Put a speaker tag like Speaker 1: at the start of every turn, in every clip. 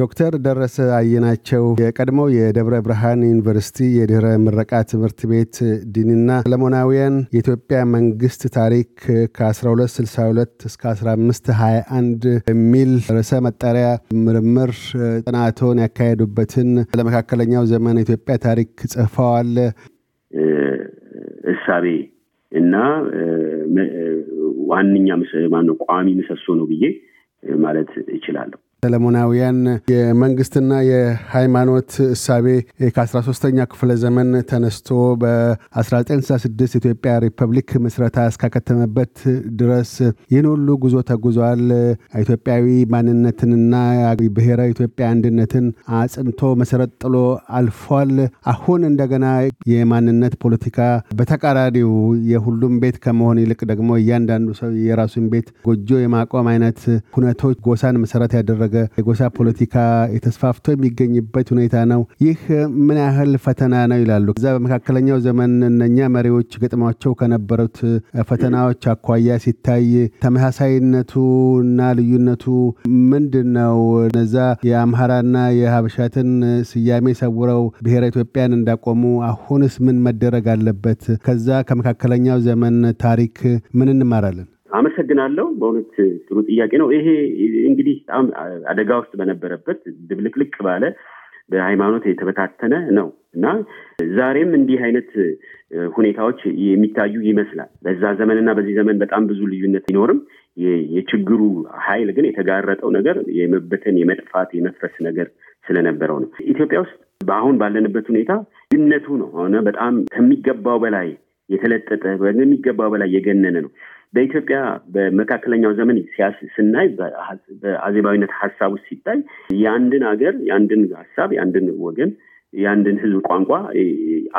Speaker 1: ዶክተር ደረሰ አየናቸው የቀድሞው የደብረ ብርሃን ዩኒቨርሲቲ የድረ ምረቃ ትምህርት ቤት ዲንና ሰለሞናውያን የኢትዮጵያ መንግስት ታሪክ ከ1262 እስከ 1521 የሚል ርዕሰ መጠሪያ ምርምር ጥናቶን ያካሄዱበትን ለመካከለኛው ዘመን ኢትዮጵያ ታሪክ ጽፈዋል።
Speaker 2: እሳቤ እና ዋነኛ ቋሚ ምሰሶ ነው ብዬ ማለት ይችላለሁ
Speaker 1: ሰለሞናውያን የመንግስትና የሃይማኖት እሳቤ ከ13ኛ ክፍለ ዘመን ተነስቶ በ1966 ኢትዮጵያ ሪፐብሊክ ምስረታ እስካከተመበት ድረስ ይህን ሁሉ ጉዞ ተጉዟል። ኢትዮጵያዊ ማንነትንና ብሔረ ኢትዮጵያ አንድነትን አጽንቶ መሰረት ጥሎ አልፏል። አሁን እንደገና የማንነት ፖለቲካ በተቃራኒው የሁሉም ቤት ከመሆን ይልቅ ደግሞ እያንዳንዱ ሰው የራሱን ቤት ጎጆ የማቆም አይነት ሁነቶች ጎሳን መሰረት ያደረገ ያደረገ የጎሳ ፖለቲካ የተስፋፍቶ የሚገኝበት ሁኔታ ነው። ይህ ምን ያህል ፈተና ነው ይላሉ። እዛ በመካከለኛው ዘመን እነኛ መሪዎች ገጥሟቸው ከነበሩት ፈተናዎች አኳያ ሲታይ ተመሳሳይነቱ እና ልዩነቱ ምንድን ነው? እነዛ የአምሃራና የሀበሻትን ስያሜ ሰውረው ብሔረ ኢትዮጵያን እንዳቆሙ አሁንስ ምን መደረግ አለበት? ከዛ ከመካከለኛው ዘመን ታሪክ ምን እንማራለን?
Speaker 2: አመሰግናለሁ። በእውነት ጥሩ ጥያቄ ነው። ይሄ እንግዲህ በጣም አደጋ ውስጥ በነበረበት ድብልቅልቅ ባለ በሃይማኖት የተበታተነ ነው እና ዛሬም እንዲህ አይነት ሁኔታዎች የሚታዩ ይመስላል። በዛ ዘመንና በዚህ ዘመን በጣም ብዙ ልዩነት ቢኖርም የችግሩ ኃይል ግን የተጋረጠው ነገር የመበተን፣ የመጥፋት፣ የመፍረስ ነገር ስለነበረው ነው። ኢትዮጵያ ውስጥ በአሁን ባለንበት ሁኔታ ግነቱ ነው ሆነ በጣም ከሚገባው በላይ የተለጠጠ ከሚገባው በላይ የገነነ ነው። በኢትዮጵያ በመካከለኛው ዘመን ስናይ በአዜባዊነት ሀሳብ ውስጥ ሲታይ የአንድን ሀገር የአንድን ሀሳብ የአንድን ወገን የአንድን ህዝብ ቋንቋ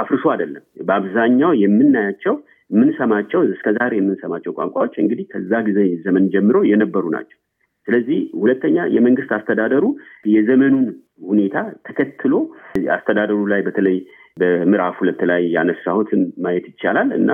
Speaker 2: አፍርሶ አይደለም። በአብዛኛው የምናያቸው የምንሰማቸው እስከ ዛሬ የምንሰማቸው ቋንቋዎች እንግዲህ ከዛ ጊዜ ዘመን ጀምሮ የነበሩ ናቸው። ስለዚህ ሁለተኛ የመንግስት አስተዳደሩ የዘመኑን ሁኔታ ተከትሎ አስተዳደሩ ላይ በተለይ በምዕራፍ ሁለት ላይ ያነሳሁትን ማየት ይቻላል እና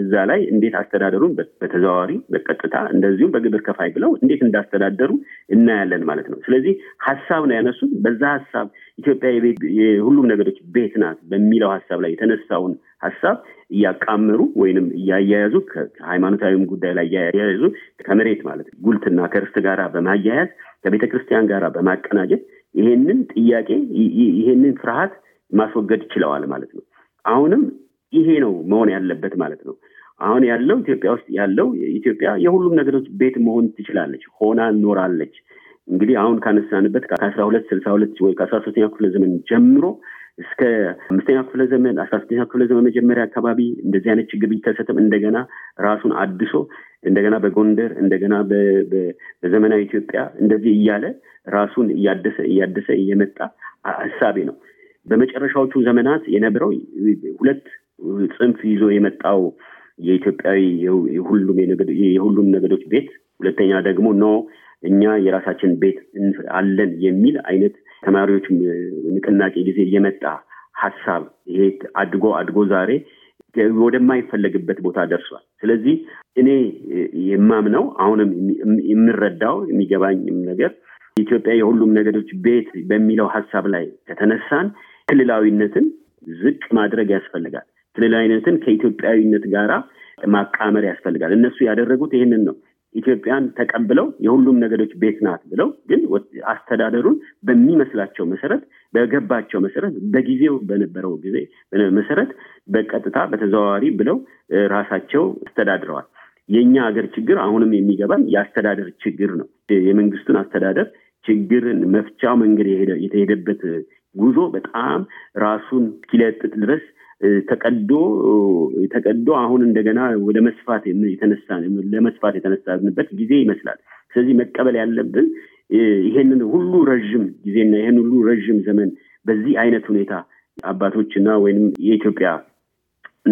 Speaker 2: እዛ ላይ እንዴት አስተዳደሩን በተዘዋዋሪ በቀጥታ እንደዚሁም በግብር ከፋይ ብለው እንዴት እንዳስተዳደሩ እናያለን ማለት ነው። ስለዚህ ሀሳብ ነው ያነሱት። በዛ ሀሳብ ኢትዮጵያ የሁሉም ነገሮች ቤት ናት በሚለው ሀሳብ ላይ የተነሳውን ሀሳብ እያቃመሩ ወይንም እያያያዙ ከሃይማኖታዊም ጉዳይ ላይ እያያያዙ ከመሬት ማለት ጉልትና ከርስት ጋራ በማያያዝ ከቤተክርስቲያን ጋራ በማቀናጀት ይሄንን ጥያቄ ይሄንን ፍርሃት ማስወገድ ችለዋል ማለት ነው። አሁንም ይሄ ነው መሆን ያለበት ማለት ነው። አሁን ያለው ኢትዮጵያ ውስጥ ያለው ኢትዮጵያ የሁሉም ነገሮች ቤት መሆን ትችላለች፣ ሆና ኖራለች። እንግዲህ አሁን ካነሳንበት ከአስራ ሁለት ስልሳ ሁለት ወይ ከአስራ ሶስተኛ ክፍለ ዘመን ጀምሮ እስከ አምስተኛ ክፍለ ዘመን አስራ ስድስተኛው ክፍለ ዘመን መጀመሪያ አካባቢ እንደዚህ አይነት ችግር ቢከሰትም እንደገና ራሱን አድሶ እንደገና በጎንደር እንደገና በዘመናዊ ኢትዮጵያ እንደዚህ እያለ ራሱን እያደሰ እያደሰ እየመጣ ሀሳቤ ነው። በመጨረሻዎቹ ዘመናት የነበረው ሁለት ጽንፍ ይዞ የመጣው የኢትዮጵያዊ የሁሉም ነገዶች ቤት፣ ሁለተኛ ደግሞ ኖ እኛ የራሳችን ቤት አለን የሚል አይነት ተማሪዎች ንቅናቄ ጊዜ የመጣ ሀሳብ ይሄ አድጎ አድጎ ዛሬ ወደማይፈለግበት ቦታ ደርሷል። ስለዚህ እኔ የማምነው አሁንም የምረዳው የሚገባኝም ነገር ኢትዮጵያ የሁሉም ነገዶች ቤት በሚለው ሀሳብ ላይ ከተነሳን ክልላዊነትን ዝቅ ማድረግ ያስፈልጋል። ክልላዊነትን ከኢትዮጵያዊነት ጋራ ማቃመር ያስፈልጋል። እነሱ ያደረጉት ይህንን ነው። ኢትዮጵያን ተቀብለው የሁሉም ነገዶች ቤት ናት ብለው ግን አስተዳደሩን በሚመስላቸው መሰረት በገባቸው መሰረት በጊዜው በነበረው ጊዜ መሰረት በቀጥታ በተዘዋዋሪ ብለው ራሳቸው አስተዳድረዋል። የእኛ ሀገር ችግር አሁንም የሚገባን የአስተዳደር ችግር ነው። የመንግስቱን አስተዳደር ችግርን መፍቻው መንገድ የተሄደበት ጉዞ በጣም ራሱን ኪለጥጥ ድረስ ተቀዶ ተቀዶ አሁን እንደገና ወደ መስፋት የተነሳ ለመስፋት የተነሳንበት ጊዜ ይመስላል። ስለዚህ መቀበል ያለብን ይሄንን ሁሉ ረዥም ጊዜና ይሄን ሁሉ ረዥም ዘመን በዚህ አይነት ሁኔታ አባቶችና ወይም የኢትዮጵያ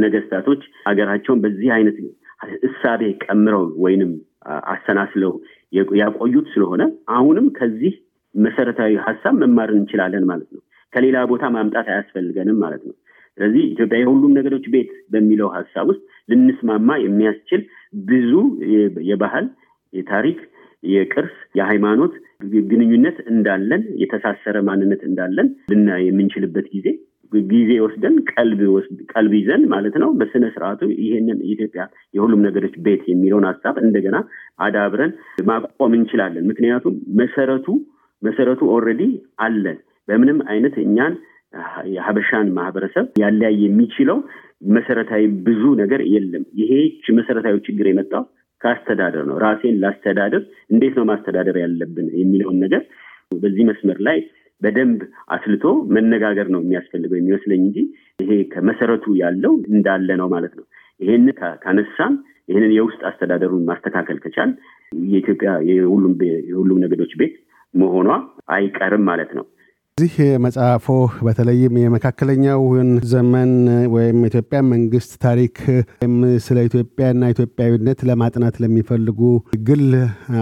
Speaker 2: ነገስታቶች ሀገራቸውን በዚህ አይነት እሳቤ ቀምረው ወይንም አሰናስለው ያቆዩት ስለሆነ አሁንም ከዚህ መሰረታዊ ሀሳብ መማር እንችላለን ማለት ነው። ከሌላ ቦታ ማምጣት አያስፈልገንም ማለት ነው። ስለዚህ ኢትዮጵያ የሁሉም ነገሮች ቤት በሚለው ሀሳብ ውስጥ ልንስማማ የሚያስችል ብዙ የባህል፣ የታሪክ፣ የቅርስ፣ የሃይማኖት ግንኙነት እንዳለን የተሳሰረ ማንነት እንዳለን ልና የምንችልበት ጊዜ ጊዜ ወስደን ቀልብ ይዘን ማለት ነው በስነ ስርአቱ ይሄንን ኢትዮጵያ የሁሉም ነገሮች ቤት የሚለውን ሀሳብ እንደገና አዳብረን ማቆም እንችላለን። ምክንያቱም መሰረቱ መሰረቱ ኦረዲ አለን። በምንም አይነት እኛን የሀበሻን ማህበረሰብ ያለያይ የሚችለው መሰረታዊ ብዙ ነገር የለም። ይሄች መሰረታዊ ችግር የመጣው ከአስተዳደር ነው። ራሴን ላስተዳደር እንዴት ነው ማስተዳደር ያለብን የሚለውን ነገር በዚህ መስመር ላይ በደንብ አስልቶ መነጋገር ነው የሚያስፈልገው የሚመስለኝ እንጂ ይሄ ከመሰረቱ ያለው እንዳለ ነው ማለት ነው። ይሄን ካነሳን ይህንን የውስጥ አስተዳደሩን ማስተካከል ከቻል የኢትዮጵያ የሁሉም ነገዶች ቤት መሆኗ አይቀርም ማለት ነው።
Speaker 1: እዚህ መጽሐፎ በተለይም የመካከለኛውን ዘመን ወይም ኢትዮጵያ መንግስት ታሪክ ወይም ስለ ኢትዮጵያና ኢትዮጵያዊነት ለማጥናት ለሚፈልጉ ግል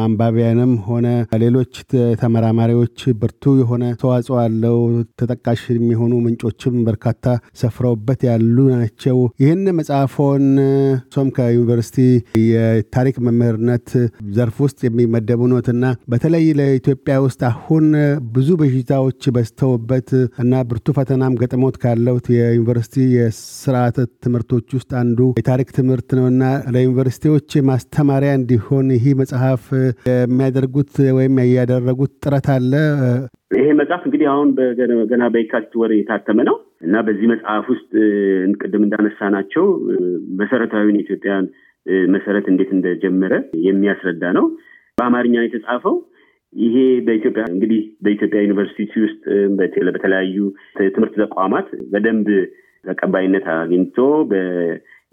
Speaker 1: አንባቢያንም ሆነ ሌሎች ተመራማሪዎች ብርቱ የሆነ ተዋጽኦ አለው። ተጠቃሽ የሚሆኑ ምንጮችም በርካታ ሰፍረውበት ያሉ ናቸው። ይህን መጽሐፎን ሶም ከዩኒቨርሲቲ የታሪክ መምህርነት ዘርፍ ውስጥ የሚመደቡ ኖትና በተለይ ለኢትዮጵያ ውስጥ አሁን ብዙ በሽታዎች ገዝተውበት እና ብርቱ ፈተናም ገጥሞት ካለውት የዩኒቨርሲቲ የስርዓተ ትምህርቶች ውስጥ አንዱ የታሪክ ትምህርት ነውና ለዩኒቨርሲቲዎች ማስተማሪያ እንዲሆን ይህ መጽሐፍ የሚያደርጉት ወይም ያደረጉት ጥረት አለ።
Speaker 2: ይሄ መጽሐፍ እንግዲህ አሁን ገና በየካቲት ወር የታተመ ነው እና በዚህ መጽሐፍ ውስጥ ቅድም እንዳነሳ ናቸው መሰረታዊን ኢትዮጵያን መሰረት እንዴት እንደጀመረ የሚያስረዳ ነው። በአማርኛ የተጻፈው ይሄ በኢትዮጵያ እንግዲህ በኢትዮጵያ ዩኒቨርሲቲ ውስጥ በተለያዩ ትምህርት ተቋማት በደንብ ተቀባይነት አግኝቶ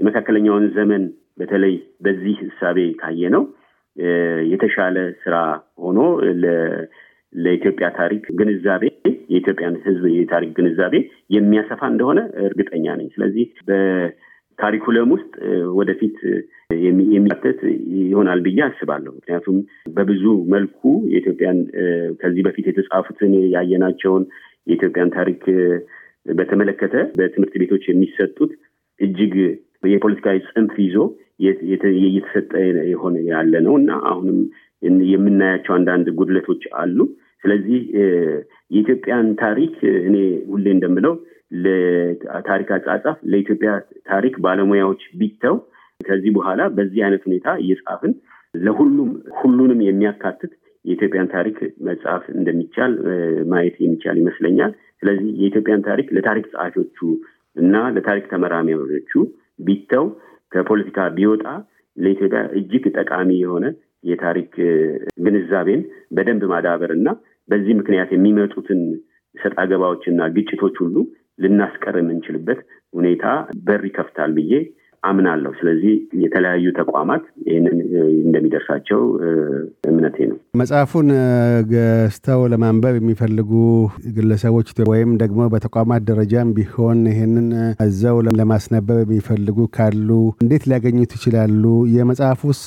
Speaker 2: የመካከለኛውን ዘመን በተለይ በዚህ እሳቤ ካየ ነው የተሻለ ስራ ሆኖ ለኢትዮጵያ ታሪክ ግንዛቤ የኢትዮጵያን ሕዝብ የታሪክ ግንዛቤ የሚያሰፋ እንደሆነ እርግጠኛ ነኝ። ስለዚህ ካሪኩለም ውስጥ ወደፊት የሚካተት ይሆናል ብዬ አስባለሁ። ምክንያቱም በብዙ መልኩ የኢትዮጵያን ከዚህ በፊት የተጻፉትን ያየናቸውን የኢትዮጵያን ታሪክ በተመለከተ በትምህርት ቤቶች የሚሰጡት እጅግ የፖለቲካዊ ጽንፍ ይዞ እየተሰጠ የሆነ ያለ ነው እና አሁንም የምናያቸው አንዳንድ ጉድለቶች አሉ። ስለዚህ የኢትዮጵያን ታሪክ እኔ ሁሌ እንደምለው ለታሪክ አጻጻፍ ለኢትዮጵያ ታሪክ ባለሙያዎች ቢተው ከዚህ በኋላ በዚህ አይነት ሁኔታ እየጻፍን ለሁሉም ሁሉንም የሚያካትት የኢትዮጵያን ታሪክ መጽሐፍ እንደሚቻል ማየት የሚቻል ይመስለኛል። ስለዚህ የኢትዮጵያን ታሪክ ለታሪክ ጸሐፊዎቹ እና ለታሪክ ተመራሚዎቹ ቢተው ከፖለቲካ ቢወጣ ለኢትዮጵያ እጅግ ጠቃሚ የሆነ የታሪክ ግንዛቤን በደንብ ማዳበር እና በዚህ ምክንያት የሚመጡትን ሰጣገባዎች እና ግጭቶች ሁሉ ልናስቀር የምንችልበት ሁኔታ በር ይከፍታል ብዬ አምናለሁ። ስለዚህ የተለያዩ ተቋማት ይህንን እንደሚደርሳቸው እምነቴ
Speaker 1: ነው። መጽሐፉን ገዝተው ለማንበብ የሚፈልጉ ግለሰቦች ወይም ደግሞ በተቋማት ደረጃም ቢሆን ይህንን እዘው ለማስነበብ የሚፈልጉ ካሉ እንዴት ሊያገኙት ይችላሉ? የመጽሐፉስ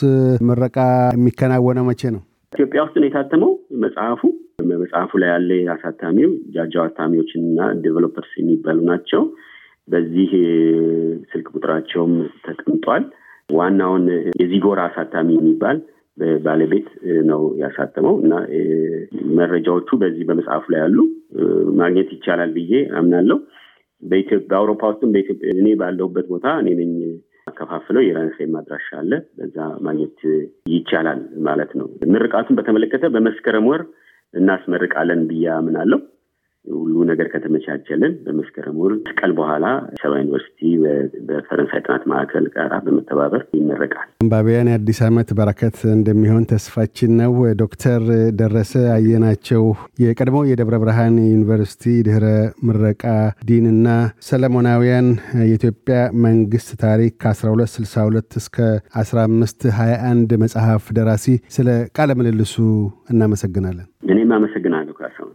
Speaker 1: ምረቃ የሚከናወነው መቼ ነው?
Speaker 2: ኢትዮጵያ ውስጥ ነው የታተመው መጽሐፉ። በመጽሐፉ ላይ ያለ አሳታሚው ጃጃው አታሚዎች እና ዴቨሎፐርስ የሚባሉ ናቸው። በዚህ ስልክ ቁጥራቸውም ተቀምጧል። ዋናውን የዚጎራ አሳታሚ የሚባል ባለቤት ነው ያሳተመው እና መረጃዎቹ በዚህ በመጽሐፉ ላይ ያሉ ማግኘት ይቻላል ብዬ አምናለሁ። በአውሮፓ ውስጥም በኢትዮጵያ እኔ ባለሁበት ቦታ እኔ ነኝ አከፋፍለው የራሴ ማድራሻ አለ። በዛ ማግኘት ይቻላል ማለት ነው። ምርቃቱን በተመለከተ በመስከረም ወር እናስመርቃለን ብዬ አምናለሁ። ሁሉ ነገር ከተመቻቸልን በመስከረም ወር ቀል በኋላ ሰባ ዩኒቨርሲቲ በፈረንሳይ ጥናት ማዕከል ጋራ በመተባበር
Speaker 1: ይመረቃል። አንባቢያን የአዲስ ዓመት በረከት እንደሚሆን ተስፋችን ነው። ዶክተር ደረሰ አየናቸው የቀድሞ የደብረ ብርሃን ዩኒቨርሲቲ ድህረ ምረቃ ዲን እና ሰለሞናውያን የኢትዮጵያ መንግስት ታሪክ ከ1262 እስከ 1521 መጽሐፍ ደራሲ፣ ስለ ቃለ ምልልሱ እናመሰግናለን። እኔም አመሰግናለሁ ካሳሁን።